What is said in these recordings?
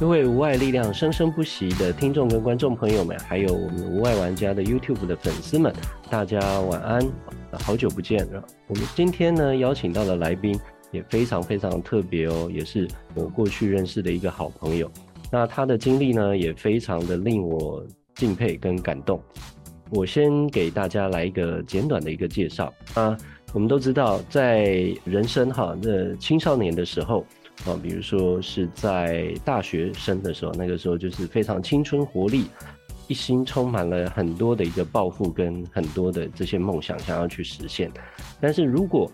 各位無礙力量生聲不息的聽眾跟觀眾朋友們，還有我們無礙玩家的 YouTube 的粉絲們，大家晚安，好久不見了。我們今天呢邀請到的來賓也非常非常特別哦，也是我過去認識的一個好朋友。那他的經歷呢也非常的令我敬佩跟感動。我先給大家來一個簡短的一個介紹啊。那我們都知道，在人生哈，那青少年的時候。啊，比如說是在大學生的時候，那個時候就是非常青春活力，一心充滿了很多的一個抱負跟很多的這些夢想，想要去實現。但是如果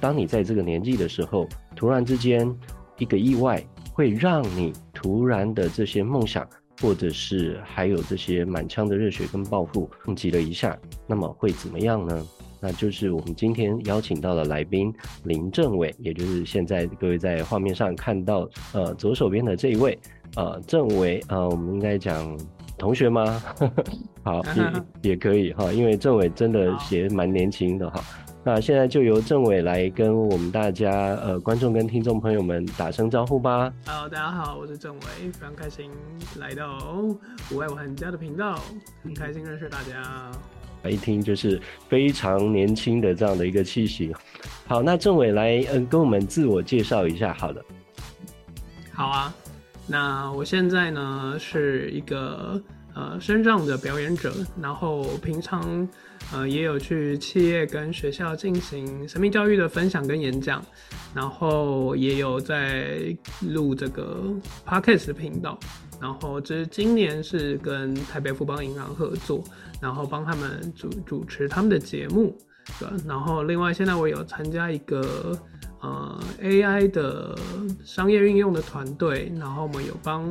當你在這個年紀的時候，突然之間一個意外會讓你突然的這些夢想，或者是還有這些滿腔的熱血跟抱負碰集了一下，那麼會怎麼樣呢？那就是我們今天邀請到的來賓林政緯，也就是現在各位在畫面上看到呃左手邊的這一位，呃政緯啊，我們應該講同學嗎？ 好， 也也可以哈，因為政緯真的寫蠻年輕的哈。 那現在就由政緯來跟我們大家呃觀眾跟聽眾朋友們打聲招呼吧。Hello，大家好，我是政緯，非常開心來到我愛我的家的頻道，很開心認識大家。 一聽就是非常年輕的這樣的一個氣息。好，那政緯來，嗯、呃，跟我們自我介紹一下。好了，好啊。那我現在呢是一個呃，身障的表演者，然後平常呃也有去企業跟學校進行生命教育的分享跟演講，然後也有在錄這個 podcast 頻道，然後今年是跟台北富邦銀行合作。然後幫他們主主持他們的節目，對。然後另外現在我有參加一個呃 AI 的商業運用的團隊，然後我們有幫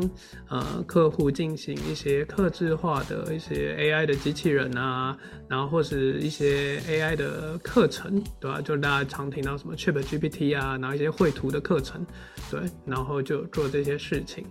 呃客戶進行一些客製化的一些 AI 的機器人啊，然後或是一些 AI 的課程，對吧？就是大家常聽到什麼 ChatGPT 啊，然後一些繪圖的課程，對，然後就做這些事情。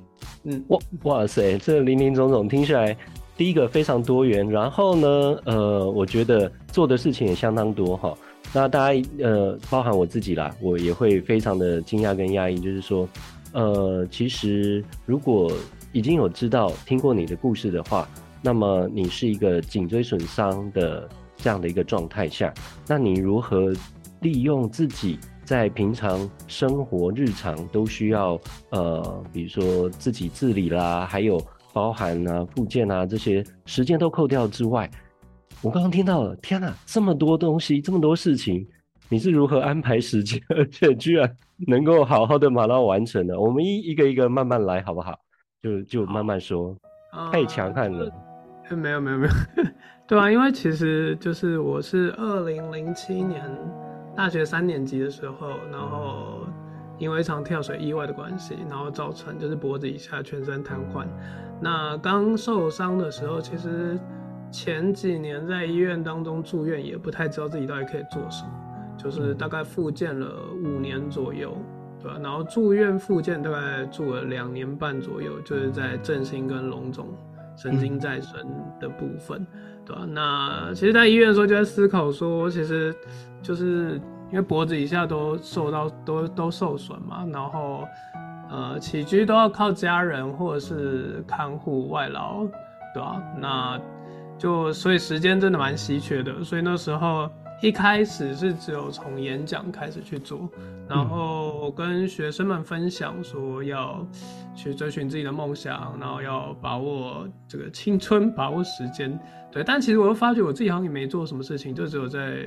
嗯，哇哇塞，這林林總總聽起來。第一個非常多元，然後呢，呃，我覺得做的事情也相當多哈、哦。那大家，呃，包含我自己啦，我也會非常的驚訝跟訝異，就是說，呃，其實如果已經有知道聽過你的故事的話，那麼你是一個頸椎損傷的這樣的一個狀態下，那你如何利用自己在平常生活日常都需要，呃，比如說自己自理啦，還有。包含啊，復健啊，這些時間都扣掉之外，我剛剛聽到了，天哪、啊，這麼多東西，這麼多事情，你是如何安排時間，而且居然能夠好好的把它完成的？我們一一個一個慢慢來，好不好？就就慢慢說，太強悍了。沒有沒有沒有，沒有沒有 對啊，因為其實就是我是二零零七年大學三年級的時候，然後。因為一場跳水意外的關係，然後造成就是脖子以下全身癱瘓。那剛受傷的時候，其實前幾年在醫院當中住院，也不太知道自己到底可以做什麼，嗯、就是大概復健了五年左右，對、啊、然後住院復健大概，大概住了兩年半左右，就是在振興跟榮總神經再生的部分，對、啊、那其實在醫院的時候就在思考說，其實就是。因為脖子以下都受到都都受損嘛，然後，呃，起居都要靠家人或者是看護外勞，對啊，那就所以時間真的蠻稀缺的，所以那時候一開始是只有從演講開始去做，然後跟學生們分享說要去追尋自己的夢想，然後要把握這個青春，把握時間，對。但其實我又發覺我自己好像也沒做什麼事情，就只有在。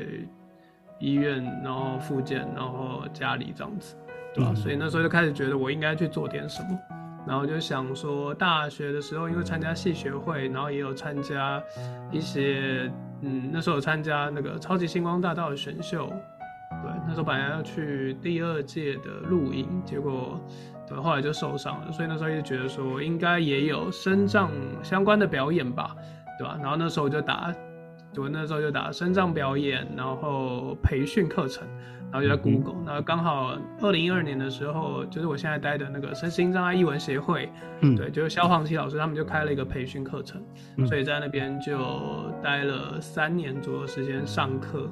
醫院，然後復健，然後家裡這樣子，對吧、啊嗯？所以那時候就開始覺得我應該去做點什麼，然後就想說，大學的時候因為參加系學會，然後也有參加一些，嗯，那時候有參加那個超級星光大道的選秀，對，那時候本來要去第二屆的錄影，結果對，後來就受傷了，所以那時候就覺得說應該也有身障相關的表演吧，對吧、啊？然後那時候我就打。我那時候就打身障表演，然後培訓課程，然後就在 Google，嗯。那剛好二零一二年的時候，就是我現在待的那個身心障礙藝文協會，嗯，對，就是蕭煌奇老師他們就開了一個培訓課程，嗯，所以在那邊就待了三年左右時間上課。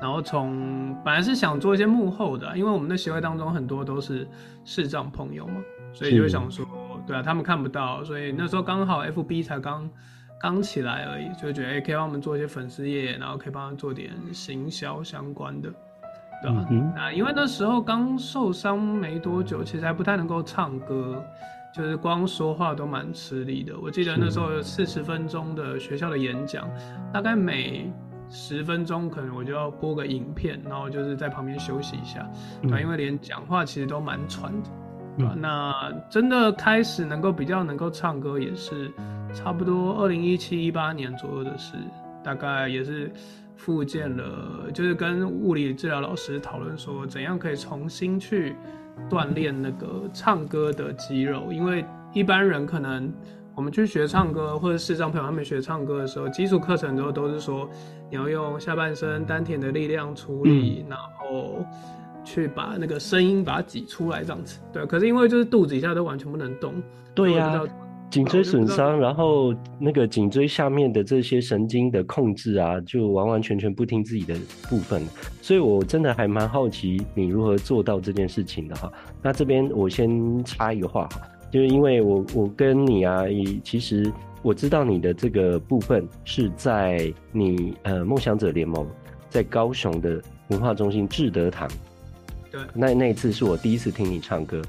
然後從本來是想做一些幕後的，啊，因為我們的協會當中很多都是視障朋友嘛，所以就會想說，對啊，他們看不到，所以那時候剛好 FB 才剛。剛起來而已，就覺得欸，可以幫我們做一些粉絲頁，然後可以幫他做點行銷相關的，對吧？那因為那時候剛受傷沒多久，其實還不太能夠唱歌，就是光說話都蠻吃力的。我記得那時候有四十分鐘的學校的演講，大概每十分鐘可能我就要播個影片，然後就是在旁邊休息一下，對，因為連講話其實都蠻喘的，對，那真的開始能夠比較能夠唱歌，也是。差不多二零一七一八年左右的事，大概也是復健了，就是跟物理治療老師討論說怎樣可以重新去鍛鍊那個唱歌的肌肉，因為一般人可能我們去學唱歌或者視障朋友，他們學唱歌的時候，基礎課程之後都是說你要用下半身丹田的力量處理，嗯，然後去把那個聲音把它擠出來這樣子。對，可是因為就是肚子以下都完全不能動。對呀，啊。頸椎損傷，然後那個頸椎下面的這些神經的控制啊，就完完全全不聽自己的部分，所以我真的還蠻好奇你如何做到這件事情的哈。那這邊我先插一個話哈，就是因為我我跟你啊，其實我知道你的這個部分是在你呃夢想者聯盟在高雄的文化中心智德堂，對，那那一次是我第一次聽你唱歌。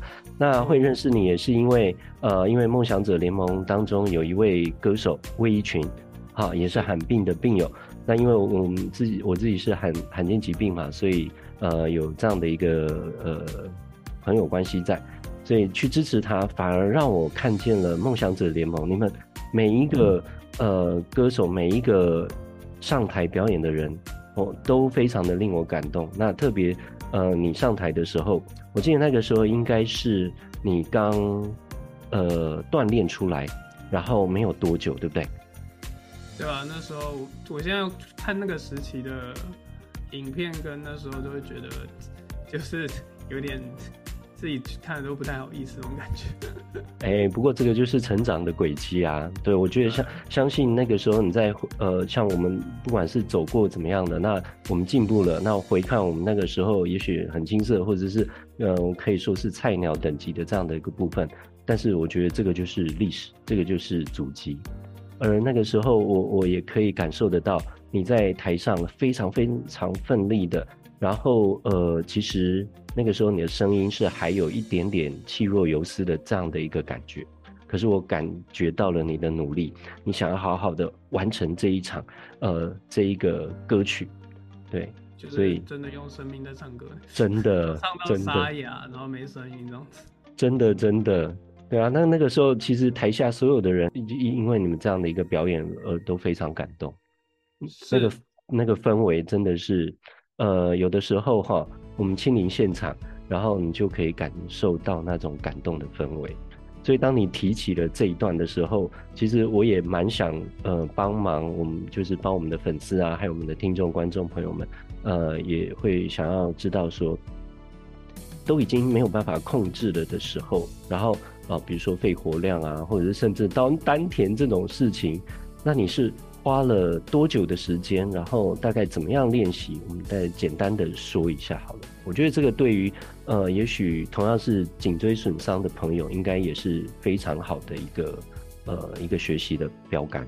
那會認識你也是因為，呃，因為夢想者聯盟當中有一位歌手魏一群，哈、啊，也是罕病的病友。那因為我我們自己我自己是罕罕見疾病嘛，所以呃有這樣的一個呃朋友關係在，所以去支持他，反而讓我看見了夢想者聯盟你們每一個、嗯、呃歌手每一個上台表演的人。哦，都非常的令我感動。那特別，呃，你上台的時候，我記得那個時候應該是你剛，呃，鍛鍊出來，然後沒有多久，對不對？對吧、啊？那時候我現在看那個時期的影片，跟那時候就會覺得，就是有點。自己看的都不太好意思，這種感覺。哎、欸，不過這個就是成長的軌跡啊。對，我覺得像相信那個時候你在呃，像我們不管是走過怎麼樣的，那我們進步了，那回看我們那個時候也許很青澀，或者是呃我可以說是菜鳥等級的這樣的一個部分。但是我覺得這個就是歷史，這個就是足跡。而那個時候我，我我也可以感受得到你在台上非常非常奮力的。然後，呃，其實那個時候你的聲音是還有一點點氣若游絲的這樣的一個感覺，可是我感覺到了你的努力，你想要好好的完成這一場，呃，這一個歌曲，對，就是、所以真的用生命在唱歌，真的，真的唱到沙啞，然後沒聲音那樣子。真的真的，對啊，那那個時候其實台下所有的人，嗯、因為你們這樣的一個表演，而、呃、都非常感動，那個那個氛圍真的是。呃，有的時候哈、哦，我們親臨現場，然後你就可以感受到那種感動的氛圍。所以，當你提起了這一段的時候，其實我也蠻想，呃，幫忙我們就是幫我們的粉絲啊，還有我們的聽眾、觀眾朋友們，呃，也會想要知道說，都已經沒有辦法控制了的時候，然後啊、呃，比如說肺活量啊，或者是甚至當丹田這種事情，那你是？花了多久的時間？然後大概怎麼樣練習？我們再簡單的說一下好了。我覺得這個對於呃，也許同樣是頸椎損傷的朋友，應該也是非常好的一個呃一個學習的標杆。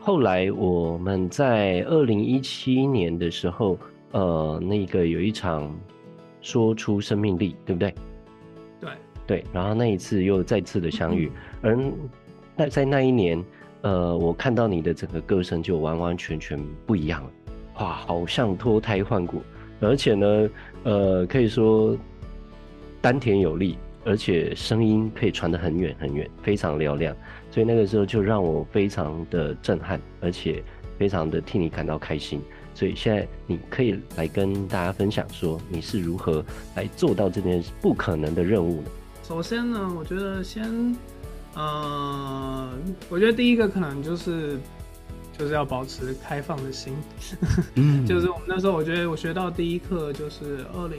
後來我們在二零一七年的時候，呃，那個有一場說出生命力，對不對？對對。然後那一次又再次的相遇，嗯，而那在那一年。呃，我看到你的整個歌聲就完完全全不一樣了，哇，好像脫胎換骨，而且呢，呃，可以說丹田有力，而且聲音可以傳得很遠很遠，非常嘹亮，所以那個時候就讓我非常的震撼，而且非常的替你感到開心。所以現在你可以來跟大家分享說你是如何來做到這件不可能的任務呢？首先呢，我覺得先。嗯，我覺得第一個可能就是，就是要保持開放的心。 就是我們那時候，我覺得我學到第一課就是二零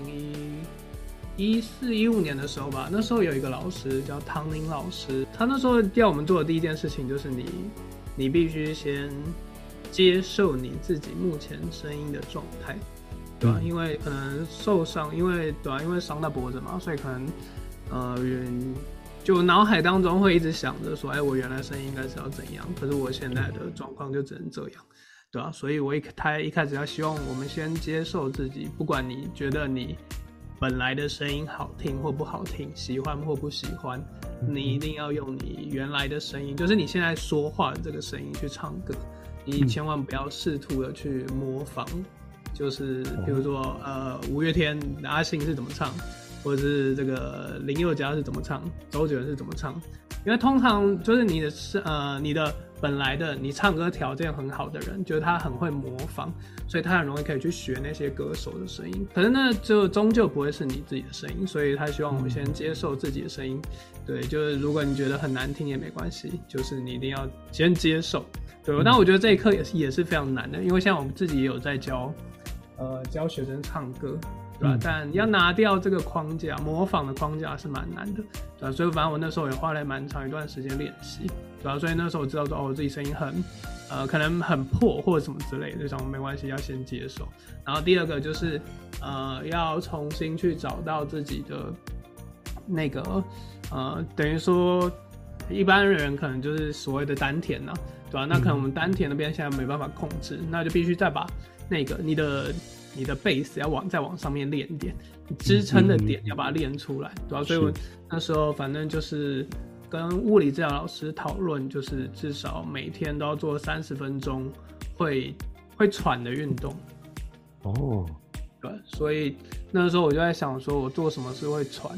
一，一四一五年的時候吧。那時候有一個老師叫唐寧老師，他那時候要我們做的第一件事情就是你，你必須先接受你自己目前聲音的狀態，對吧、嗯？因為可能受傷，因為對吧、啊？因為傷到脖子嘛，所以可能呃，人。就腦海當中會一直想着說，哎、欸，我原來聲音應該是要怎樣？可是我現在的狀況就只能這樣，對吧、啊？所以，我一開一開始要希望我們先接受自己，不管你覺得你本來的聲音好聽或不好聽，喜歡或不喜歡，你一定要用你原來的聲音，就是你現在說話的這個聲音去唱歌。你千萬不要試圖的去模仿，就是比如說，呃，五月天的阿信是怎麼唱。或者是這個林宥嘉是怎麼唱，周杰倫是怎麼唱？因為通常就是你的呃，你的本來的，你唱歌條件很好的人，就是他很會模仿，所以他很容易可以去學那些歌手的聲音。可是呢，就終究不會是你自己的聲音，所以他希望我們先接受自己的聲音、嗯。對，就是如果你覺得很難聽也沒關係，就是你一定要先接受。對，嗯、那我覺得這一課也是也是非常難的，因為像我們自己也有在教，呃，教學生唱歌。對吧、啊？但要拿掉這個框架，嗯、模仿的框架是蠻難的，對、啊、所以反正我那時候也花了蠻長一段時間練習，對、啊、所以那時候我知道說，哦，我自己聲音很，呃，可能很破或者什麼之類的，這種沒關係，要先接受。然後第二個就是，呃，要重新去找到自己的那個，呃，等於說一般人可能就是所謂的丹田呢、啊。對吧、啊？那可能我們丹田那邊現在沒辦法控制，嗯、那就必須再把那個你的。你的 base 要往再往上面練一點，你支撐的點要把它練出來，主、嗯、要所以我那時候反正就是跟物理治療老師討論，就是至少每天都要做三十分鐘會會喘的運動。哦，對，所以那時候我就在想，說我做什麼事會喘，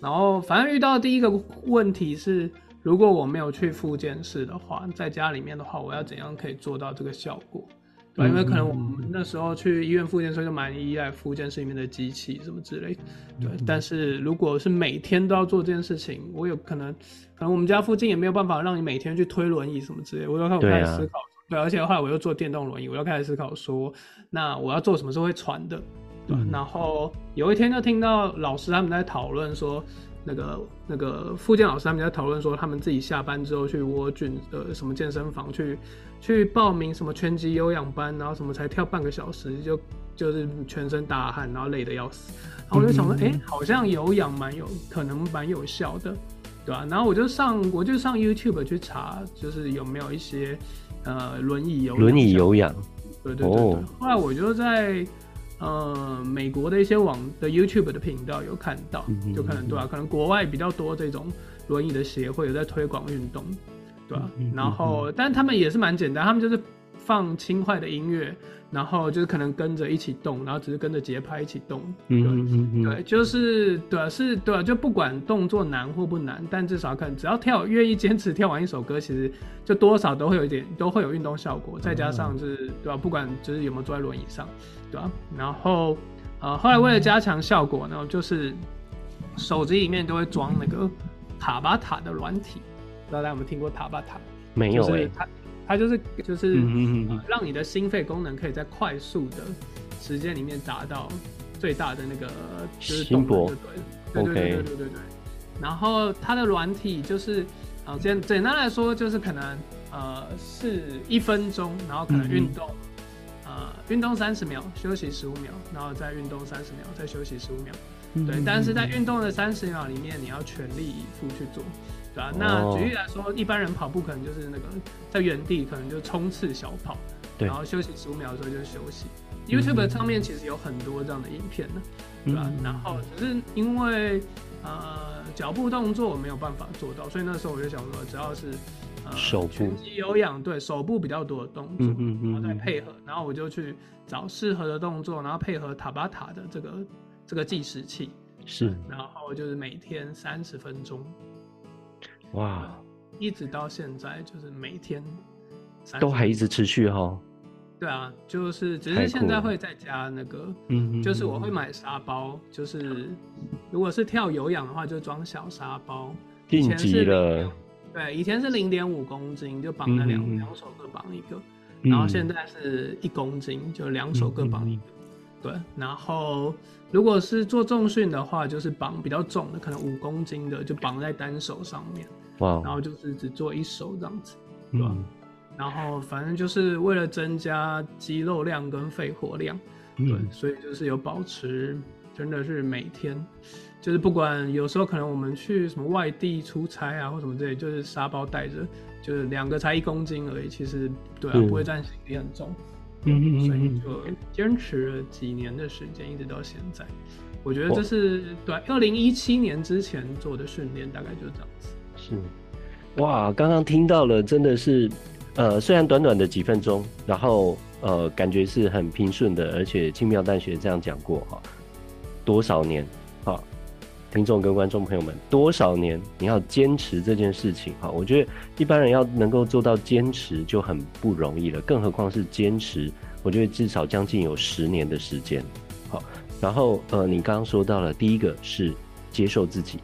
然後反正遇到的第一個問題是，如果我沒有去復健室的話，在家裡面的話，我要怎樣可以做到這個效果？對、嗯，因為可能我們那時候去醫院復健，所以就蠻依賴復健室裡面的機器什麼之類。對、嗯，但是如果是每天都要做這件事情，我有可能，可能我們家附近也沒有辦法讓你每天去推輪椅什麼之類。我就開始思考對、啊，對，而且後來我又坐電動輪椅，我又開始思考說，那我要做什麼時候會喘的？對、嗯。然後有一天就聽到老師他們在討論說。那個那個復健老師他們在討論說，他們自己下班之後去窩菌呃什麼健身房去，去報名什麼拳擊有氧班，然後什麼才跳半個小時就就是全身大汗，然後累得要死。然後我就想說，哎、嗯嗯欸，好像有氧蠻有，可能蠻有效的，對吧、啊？然後我就上我就上 YouTube 去查，就是有沒有一些呃輪椅有輪椅有氧，對對對對。哦、後來我就在。呃，美國的一些網的 YouTube 的頻道有看到，就可能對吧、啊嗯嗯嗯嗯？可能國外比較多這種輪椅的協會有在推廣運動，對吧、啊嗯嗯嗯嗯？然後，但他們也是蠻簡單，他們就是。放輕快的音樂，然後就是可能跟着一起動，然後只是跟着節拍一起動，對嗯嗯嗯嗯對，就是對、啊、是對、啊，就不管動作難或不難，但至少可能只要跳，願意堅持跳完一首歌，其實就多少都會有一點，都會有運動效果。再加上、就是嗯嗯對吧、啊，不管就是有沒有坐在輪椅上，對吧、啊？然後、呃、後來為了加強效果呢、嗯，就是手機裡面都會裝那個塔巴塔的軟體、嗯。不知道大家有沒有聽過塔巴塔？沒有、就是它就是就是嗯嗯嗯、呃、讓你的心肺功能可以在快速的時間裡面達到最大的那個就是動作。對對對對對對，對,對、Okay. 然後它的軟體就是簡簡單來說，就是可能呃是一分鐘，然後可能運動嗯嗯呃運動三十秒，休息十五秒，然後再運動三十秒，再休息十五秒，對，嗯嗯但是在運動的三十秒裡面，你要全力以赴去做。對吧、啊？那舉例來說，oh. 一般人跑步可能就是那個在原地，可能就衝刺小跑，對，然後休息十五秒的時候就休息。YouTube 上面其實有很多這樣的影片呢，mm -hmm. 對吧、啊？然後只是因為呃腳步動作我沒有辦法做到，所以那時候我就想說，只要是呃拳擊有氧，對手部比較多的動作，嗯、mm、嗯 -hmm. 然後再配合，然後我就去找適合的動作，然後配合塔巴塔的這個這個計時器，是，然後就是每天三十分鐘。哇，一直到現在就是每天，都還一直持續哦。對啊，就是只是現在會再加那個，就是我會買沙包，就是如果是跳有氧的話，就裝小沙包。定期了。以前是0，對，以前是零點五公斤，就綁了兩、嗯、兩手各綁一個，然後現在是一公斤，就兩手各綁一個、嗯，對，然後。如果是做重訓的話，就是綁比較重的，可能五公斤的就綁在單手上面，wow. 然後就是只做一手這樣子，對、嗯、然後反正就是為了增加肌肉量跟肺活量，對，嗯、所以就是有保持，真的是每天，就是不管有時候可能我們去什麼外地出差啊或什麼之類，就是沙包帶着，就是兩個才一公斤而已，其實對啊，不會佔行李很重。嗯嗯，所以就堅持了幾年的時間，一直到現在。我覺得這是在二零一七年之前做的訓練、哦，大概就這樣子。是，哇，剛剛聽到了，真的是，呃，雖然短短的幾分鐘，然後呃，感覺是很平順的，而且輕描淡寫這樣講過哈、哦，多少年？聽眾跟觀眾朋友們，多少年你要堅持這件事情？哈，我覺得一般人要能夠做到堅持就很不容易了，更何況是堅持。我覺得至少將近有十年的時間。好，然後呃，你剛剛說到了第一個是接受自己，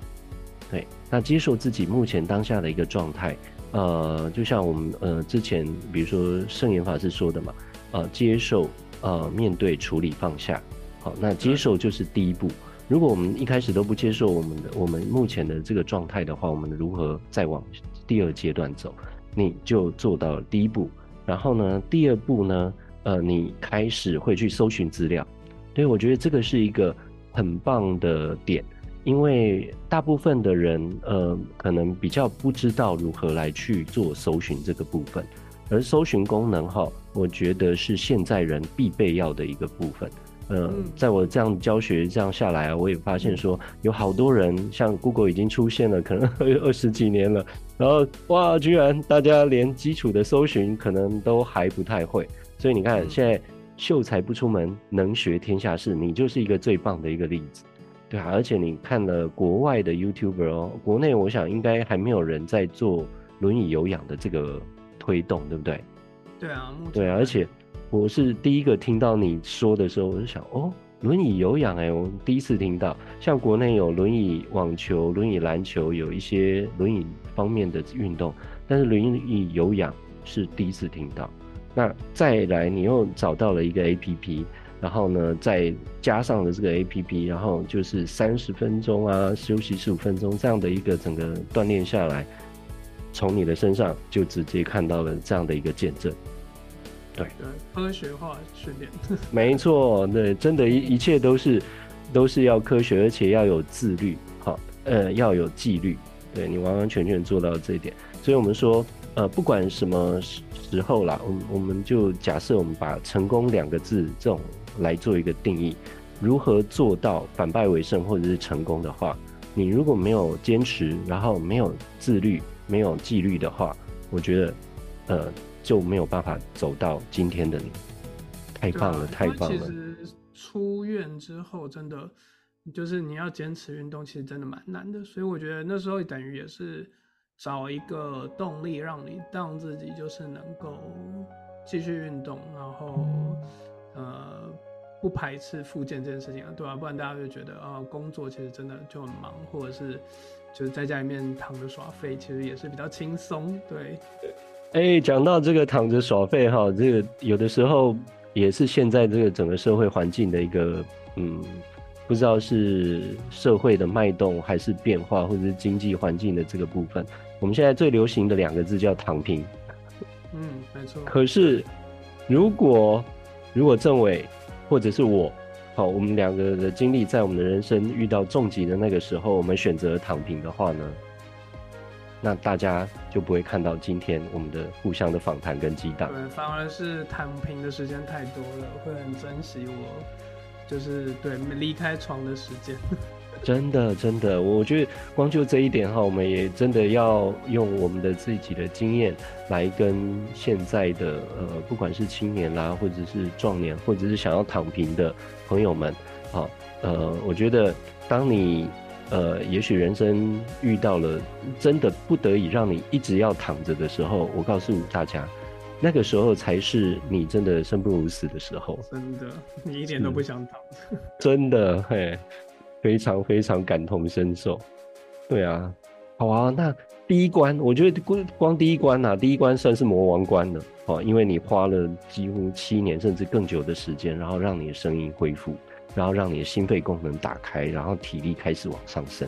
對，那接受自己目前當下的一個狀態，呃，就像我們呃之前比如說聖嚴法師說的嘛，呃，接受呃面對處理放下，好，那接受就是第一步。嗯如果我們一開始都不接受我們的我們目前的這個狀態的話，我們如何再往第二階段走？你就做到了第一步，然後呢，第二步呢，呃，你開始會去搜尋資料。所以我覺得這個是一個很棒的點，因為大部分的人呃，可能比較不知道如何來去做搜尋這個部分，而搜尋功能哈，我覺得是現在人必備要的一個部分。呃、嗯，在我這樣教學這樣下來、啊、我也發現說有好多人，像 Google 已經出現了，可能二十幾年了，然後哇，居然大家連基礎的搜尋可能都還不太會，所以你看、嗯、現在秀才不出門，能學天下事，你就是一個最棒的一個例子，對啊，而且你看了國外的 YouTuber 哦，國內我想應該還沒有人在做輪椅有氧的這個推動，對不對？對啊，對啊，而且。我是第一個聽到你說的時候，我就想哦，輪椅有氧哎，欸，我第一次聽到。像國內有輪椅網球、輪椅籃球，有一些輪椅方面的運動，但是輪椅有氧是第一次聽到。那再來，你又找到了一個 APP，然後呢，再加上了這個 APP，然後就是三十分鐘啊，休息十五分鐘這樣的一個整個鍛鍊下來，從你的身上就直接看到了這樣的一個見證。對，科學化訓練。沒錯，對，真的一，一一切都是都是要科學，而且要有自律，好，呃，要有紀律。對你完完全全做到這一點，所以我們說，呃，不管什麼時候啦，我們我們就假設我們把成功兩個字這種來做一個定義，如何做到反敗為勝或者是成功的話，你如果沒有堅持，然後沒有自律，沒有紀律的話，我覺得，呃。就沒有辦法走到今天的你，太棒了，啊、太棒了！其實出院之後，真的就是你要堅持運動，其實真的蠻難的。所以我覺得那時候等於也是找一個動力，讓你讓自己就是能夠繼續運動，然後呃不排斥復健這件事情、啊，對吧、啊。不然大家就覺得啊、呃、工作其實真的就很忙，或者是就是在家裡面躺着耍廢，其實也是比較輕鬆，對。哎、欸，講到這個躺着耍廢哈，這個有的時候也是現在這個整個社會環境的一個嗯，不知道是社會的脈動還是變化，或者是經濟環境的這個部分。我們現在最流行的兩個字叫躺平，嗯，沒錯。可是如果如果政緯，或者是我，好，我們兩個的經歷在我們的人生遇到重疾的那個時候，我們選擇躺平的話呢？那大家就不會看到今天我們的互相的訪談跟激盪，對，反而是躺平的時間太多了，會很珍惜我，就是對離開床的時間。 真的，真的，我覺得光就這一點哈，我們也真的要用我們的自己的經驗來跟現在的呃，不管是青年啦，或者是壯年，或者是想要躺平的朋友們，好、啊、呃，我覺得當你。呃，也許人生遇到了真的不得已，讓你一直要躺着的時候，我告訴大家，那個時候才是你真的生不如死的時候。真的，你一點都不想躺。真的嘿，非常非常感同身受。對啊，好啊，那第一關，我覺得光光第一關吶、啊，第一關算是魔王關了哦，因為你花了幾乎七年甚至更久的時間，然後讓你的聲音恢復。然後讓你的心肺功能打開，然後體力開始往上升，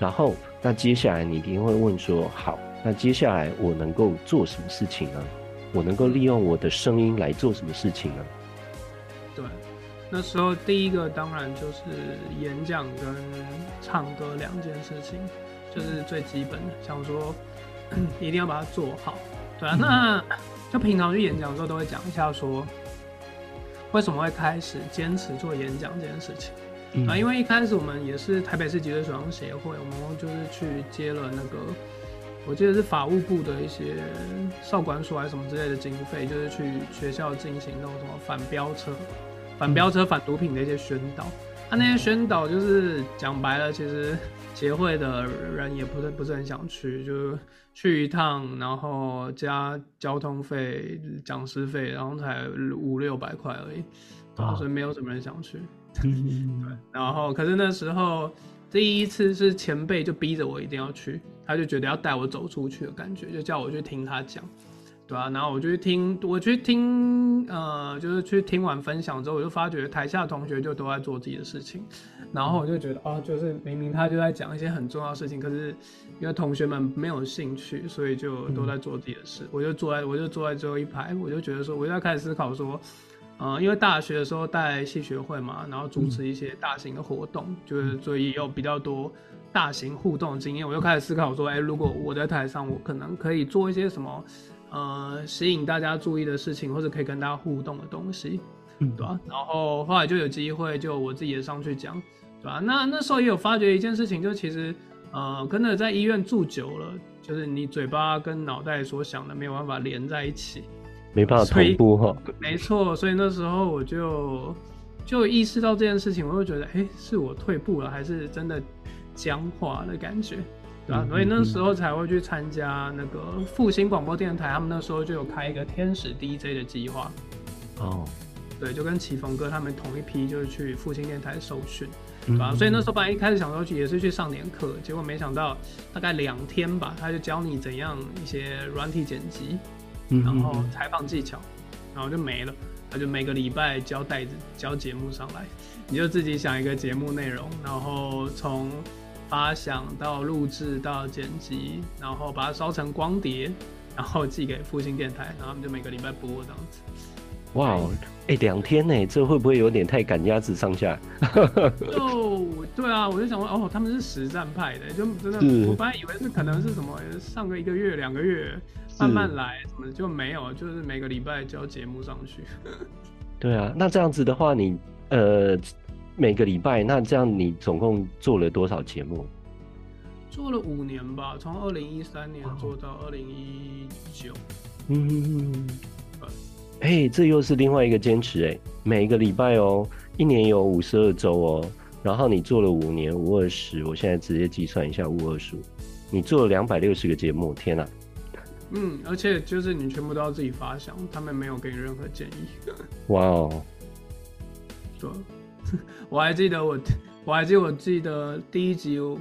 然後那接下來你一定會問說：好，那接下來我能夠做什麼事情呢？我能夠利用我的聲音來做什麼事情呢？對，那時候第一個當然就是演講跟唱歌兩件事情，就是最基本的，想說一定要把它做好。對啊，那就平常去演講的時候都會講一下說。為什麼會開始堅持做演講這件事情，嗯？啊，因為一開始我們也是台北市脊髓損傷者協會，我們就是去接了那個，我記得是法務部的一些少管所還是什麼之類的經費，就是去學校進行那種什麼反飆車、反飆車、反毒品的一些宣導。嗯他那些宣導就是講白了，其實協會的人也不是不是很想去，就是去一趟，然後加交通費、就是講師費，然後才五六百塊而已，當時沒有什麼人想去。對、啊， 然後可是那時候第一次是前輩就逼着我一定要去，他就覺得要帶我走出去的感覺，就叫我去聽他講。然後我就去聽，我去聽，呃，就是去聽完分享之後，我就發覺台下的同學就都在做自己的事情，然後我就覺得，哦，就是明明他就在講一些很重要的事情，可是因為同學們沒有興趣，所以就都在做自己的事。嗯、我就坐在，我就坐在最後一排，我就覺得說，我就在開始思考說，呃，因為大學的時候帶系學會嘛，然後主持一些大型的活動，就是所以有比較多大型互動經驗。我就開始思考說，哎，如果我在台上，我可能可以做一些什麼。呃，吸引大家注意的事情，或者可以跟大家互動的東西，嗯、對吧、啊？然後後來就有機會，就我自己也上去講，對吧、啊？那那時候也有發覺一件事情，就其實，呃，跟着在醫院住久了，就是你嘴巴跟腦袋所想的沒有辦法連在一起，沒辦法同步哈、哦。沒錯，所以那時候我就就意識到這件事情，我就覺得，哎、欸，是我退步了，還是真的僵化的感覺？啊，所以那時候才會去參加那個復興廣播電台，他們那時候就有開一個天使 DJ 的計劃，哦，對，就跟啟峰哥他們同一批，就是去復興電台受訓，對吧？所以那時候本來一開始想說也是去上點課，結果沒想到大概兩天吧，他就教你怎樣一些軟體剪輯，然後採訪技巧，然後就沒了，他就每個禮拜交帶子交節目上來，你就自己想一個節目內容，然後從。發想到錄制到剪輯，然後把它燒成光碟，然後寄給復興電台，然後他們就每個禮拜播這樣子。哇、wow, 欸，哎，兩天呢，這會不會有點太趕鴨子上架？哦， 對啊，我就想說，哦，他們是實戰派的，就真的，我本來以為是可能是什麼是上個一個月兩個月慢慢來什麼的，怎麼就沒有，就是每個禮拜交節目上去。 對啊，那這樣子的話你，你呃。每個禮拜，那這樣你總共做了多少節目？做了五年吧，從二零一三年做到二零一九。Wow. 嗯，嘿、欸，這又是另外一個堅持誒、欸，每一個禮拜哦、喔，一年有五十二周哦，然後你做了五年五二十，520, 我現在直接計算一下五二十，你做了兩百六十個節目，天哪！嗯，而且就是你全部都要自己發想，他們沒有給你任何建議。哇 哦、wow.，對。 我還記得我，我還記得我記得第一集我，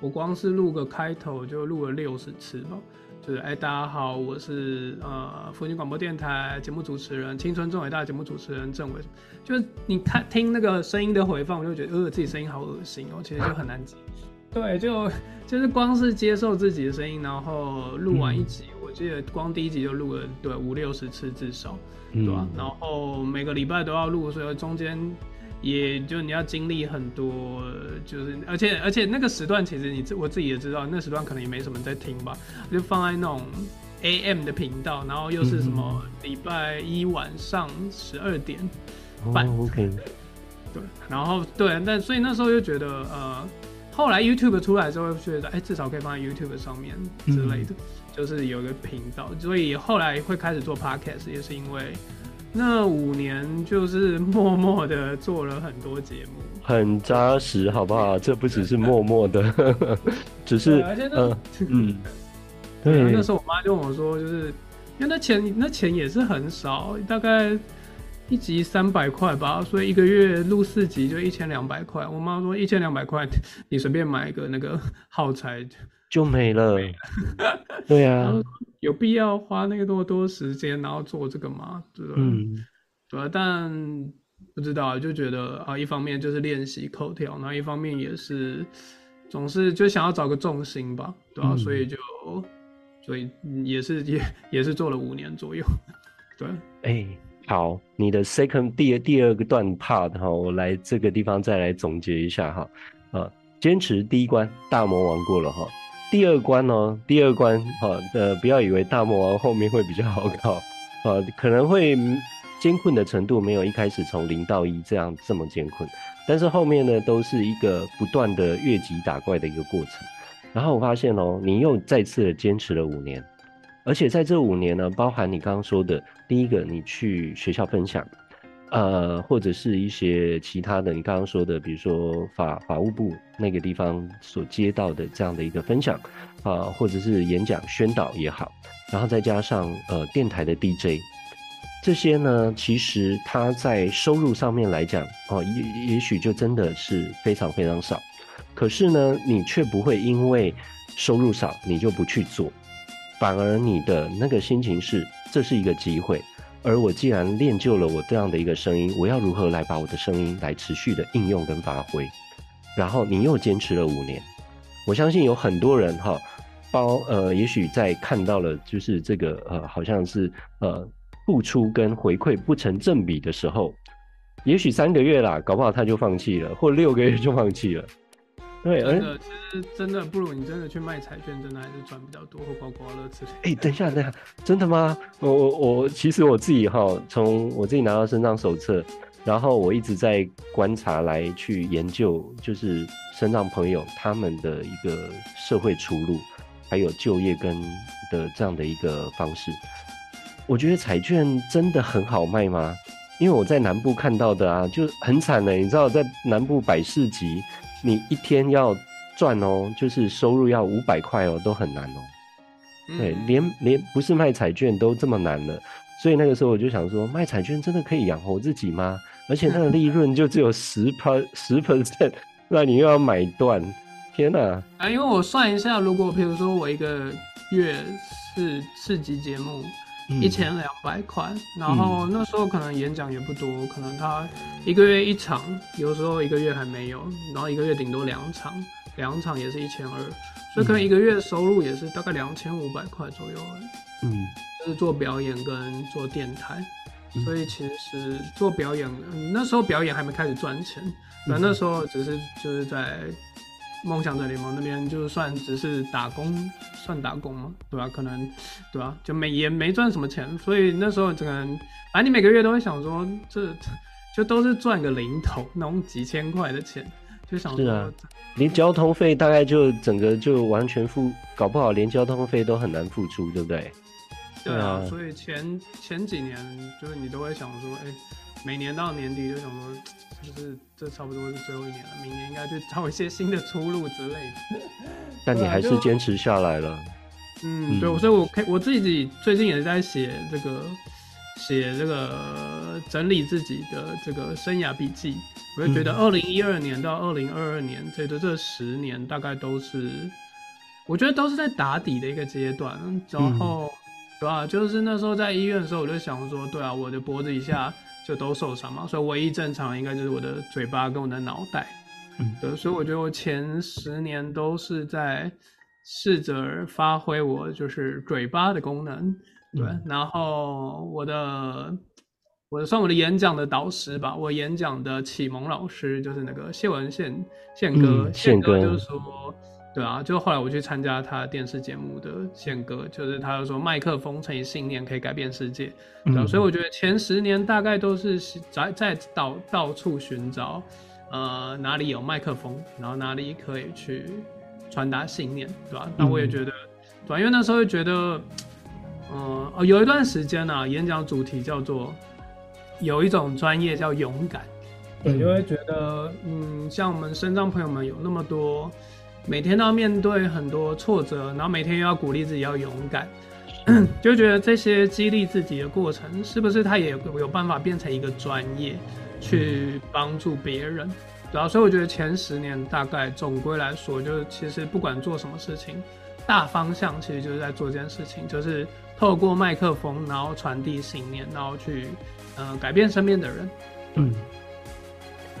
我光是錄個開頭就錄了六十次吧。就是哎、欸，大家好，我是呃，復興廣播電台節目主持人，青春最偉大節目主持人政緯。就是你看聽那個聲音的回放，我就覺得呃自己聲音好噁心哦，其實就很難接受。對，就就是光是接受自己的聲音，然後錄完一集、嗯，我記得光第一集就錄了對五六十次至少，對吧、啊嗯？然後每個禮拜都要錄，所以中間。也就你要經歷很多，就是而且而且那個時段，其實你自我自己也知道，那時段可能也沒什麼在聽吧，就放在那種 AM 的頻道，然後又是什麼禮拜一晚上十二點半，嗯 oh, okay. 對，然後對，但所以那時候又覺得呃，後來 YouTube 出來之後就覺得，哎、欸，至少可以放在 YouTube 上面之類的，嗯、就是有一個頻道，所以後來會開始做 podcast 也是因為。那五年就是默默的做了很多節目，很扎實，好不好？這不只是默默的， 只是、呃、嗯。對、欸。那時候我媽跟我說，就是因為那錢，那錢也是很少，大概一集三百塊吧，所以一個月錄四集就一千兩百塊。我媽說，一千兩百塊，你隨便買一個那個耗材就沒了。沒了 對呀、啊。有必要花那個多多時間，然後做這個嗎？對吧？嗯、對，但不知道，就覺得啊，一方面就是練習口條，那一方面也是總是就想要找個重心吧，對吧？嗯、所以就所以也是也也是做了五年左右，對。哎、欸，好，你的 second 第二第二個段 part 哈，我來這個地方再來總結一下哈，啊、呃，堅持第一關大魔王過了哈。第二關哦、喔，第二關啊，呃，不要以為大魔王後面會比較好搞啊，可能會艱困的程度沒有一開始從零到一這樣這麼艱困，但是後面呢，都是一個不斷的越級打怪的一個過程。然後我發現哦、喔，你又再次的堅持了五年，而且在這五年呢，包含你剛剛說的第一個，你去學校分享。呃，或者是一些其他的，你剛剛說的，比如說法法務部那個地方所接到的這樣的一個分享，啊、呃，或者是演講宣導也好，然後再加上呃電台的 DJ，這些呢，其實它在收入上面來講，哦、呃，也也許就真的是非常非常少，可是呢，你卻不會因為收入少，你就不去做，反而你的那個心情是，這是一個機會。而我既然練就了我這樣的一個聲音，我要如何來把我的聲音來持續的應用跟發揮？然後你又堅持了五年，我相信有很多人哈，包呃，也許在看到了就是這個呃，好像是呃付出跟回饋不成正比的時候，也許三個月啦，搞不好他就放棄了，或六個月就放棄了。對，而且、嗯、其實真的不如你真的去賣彩券，真的還是賺比較多，或刮刮樂之類。哎，等一下，等一下，真的嗎？我我我，其實我自己哈，從我自己拿到身障手冊，然後我一直在觀察來去研究，就是身障朋友他們的一個社會出路，還有就業跟的這樣的一個方式。我覺得彩券真的很好賣嗎？因為我在南部看到的啊，就很慘呢、欸。你知道在南部百事集。你一天要賺哦，就是收入要五百塊哦，都很難哦。嗯、對，連連不是賣彩券都這麼難了，所以那個時候我就想說，賣彩券真的可以養活自己嗎？而且那個利潤就只有十 per 十 percent，那你又要買斷，天哪！啊，因為我算一下，如果譬如說我一個月四四集節目。一千兩百塊，然後那時候可能演講也不多，嗯，可能他一個月一場，有時候一個月還沒有，然後一個月頂多兩場，兩場也是一千二，所以可能一個月收入也是大概兩千五百塊左右。嗯，就是做表演跟做電台，所以其實做表演，嗯，那時候表演還沒開始賺錢，那那時候只是就是在。夢想者聯盟那邊就算只是打工，算打工嘛，對吧、啊？可能，對吧、啊？就沒也沒賺什麼錢，所以那時候整個人，反、啊、正你每個月都會想說，這就都是賺個零頭，弄幾千塊的錢，就想說，啊、連交通費大概就整個就完全付，搞不好連交通費都很難付出，對不對？對啊，對啊，所以前前幾年就是你都會想說，哎、欸，每年到年底就想說，就是這差不多是最後一年了，明年應該去找一些新的出路之類的。但你還是堅持下來了 嗯。嗯，對，所以我可以我自己最近也是在寫這個，寫這個整理自己的這個生涯筆記。我就覺得二零一二年到二零二二年，這、嗯、這這十年大概都是，我覺得都是在打底的一個階段，然後。嗯對啊，就是那時候在醫院的時候，我就想說，對啊，我的脖子以下就都受傷嘛，所以唯一正常的應該就是我的嘴巴跟我的腦袋。嗯，對，所以我覺得我前十年都是在試着發揮我就是嘴巴的功能。對、嗯，然後我的，我算我的演講的導師吧，我演講的啟蒙老師就是那個謝文憲，憲哥。嗯、憲哥就是說。對啊，就後來我去參加他電視節目的憲哥，就是他又說麥克風乘以信念可以改變世界。對、啊嗯，所以我覺得前十年大概都是在在到到處尋找，呃哪裡有麥克風，然後哪裡可以去傳達信念，對吧、啊？那我也覺得，短、嗯、啊，那時候覺得，嗯、呃、哦，有一段時間呢、啊，演講主題叫做有一種專業叫勇敢，對，就會覺得嗯，像我們身障朋友們有那麼多。每天要面對很多挫折，然後每天又要鼓勵自己要勇敢， 就覺得這些激勵自己的過程，是不是他也有辦法變成一個專業，去幫助別人？然後、啊，所以我覺得前十年大概總歸來說，就是其實不管做什麼事情，大方向其實就是在做一件事情，就是透過麥克風，然後傳遞信念，然後去，呃，改變身邊的人。對。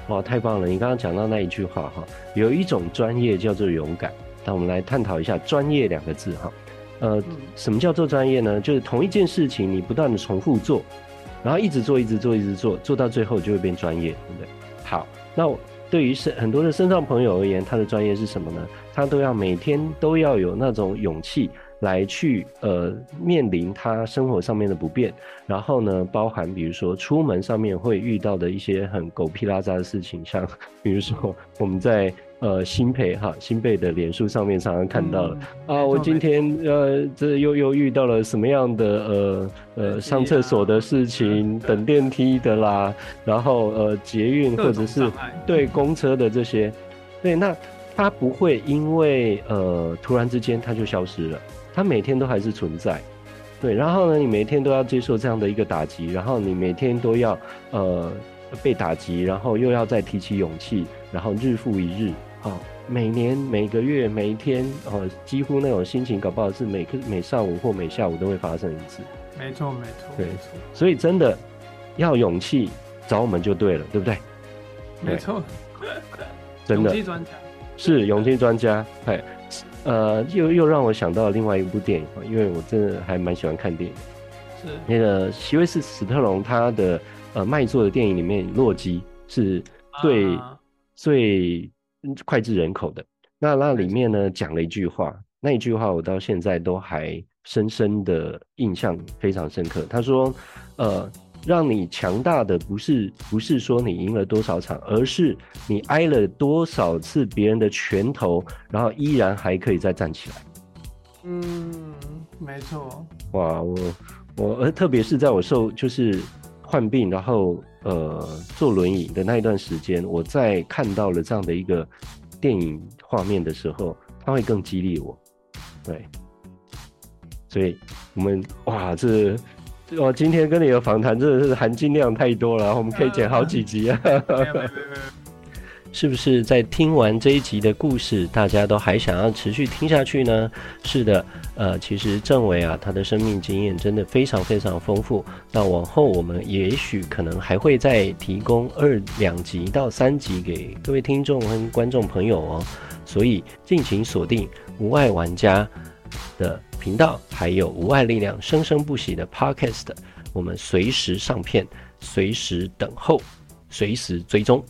哇，太棒了！你剛剛講到那一句話哈，有一種專業叫做勇敢。那我們來探討一下“專業”兩個字哈。呃、嗯，什麼叫做專業呢？就是同一件事情，你不斷的重複做，然後一直做，一直做，一直做，做到最後就會變專業，對不對？好，那對於很多的身障朋友而言，他的專業是什麼呢？他都要每天都要有那種勇氣。來去呃面臨他生活上面的不便，然後呢，包含比如說出門上面會遇到的一些很狗屁拉雜的事情，像比如說我們在呃新培哈新北的臉書上面常常，常看到了。嗯、啊，我今天呃這又又遇到了什麼樣的呃呃上廁所的事情，啊啊啊、等電梯的啦，啊啊、然後呃捷運或者是對公車的這些、嗯，對，那他不會因為呃突然之間他就消失了。他每天都還是存在，對，然後呢，你每天都要接受這樣的一個打擊，然後你每天都要呃被打擊，然後又要再提起勇氣，然後日復一日，啊、哦，每年每個月每一天，呃、哦，幾乎那種心情，搞不好是每個每上午或每下午都會發生一次。沒錯，沒錯，沒錯。所以真的要勇氣找我們就對了，對不對？沒錯，真的。是勇氣專家，嘿。呃，又又讓我想到了另外一部電影，因為我真的還蠻喜歡看電影。是那個、呃、席維斯·史特龍他的呃賣座的電影裡面，《洛基》是最、啊、最膾炙人口的。那那裡面呢，講了一句話，那一句話我到現在都還深深的印象非常深刻。他說，呃。讓你強大的不是不是說你贏了多少場，而是你挨了多少次別人的拳頭，然後依然還可以再站起來。嗯，沒錯。哇，我我而特別是在我受就是患病，然後呃坐輪椅的那一段時間，我在看到了這樣的一個電影畫面的時候，它會更激勵我。對，所以我們哇這。我今天跟你的訪談真的是含金量太多了，我們可以剪好幾集啊！ 是不是在聽完這一集的故事，大家都還想要持續聽下去呢？是的，呃，其實政緯啊，他的生命經驗真的非常非常豐富。那往後我們也許可能還會再提供二兩集到三集給各位聽眾和觀眾朋友哦，所以敬請鎖定無礙玩家。的頻道，還有無礙力量生聲不息的 podcast，我們隨時上片，隨時等候，隨時追蹤。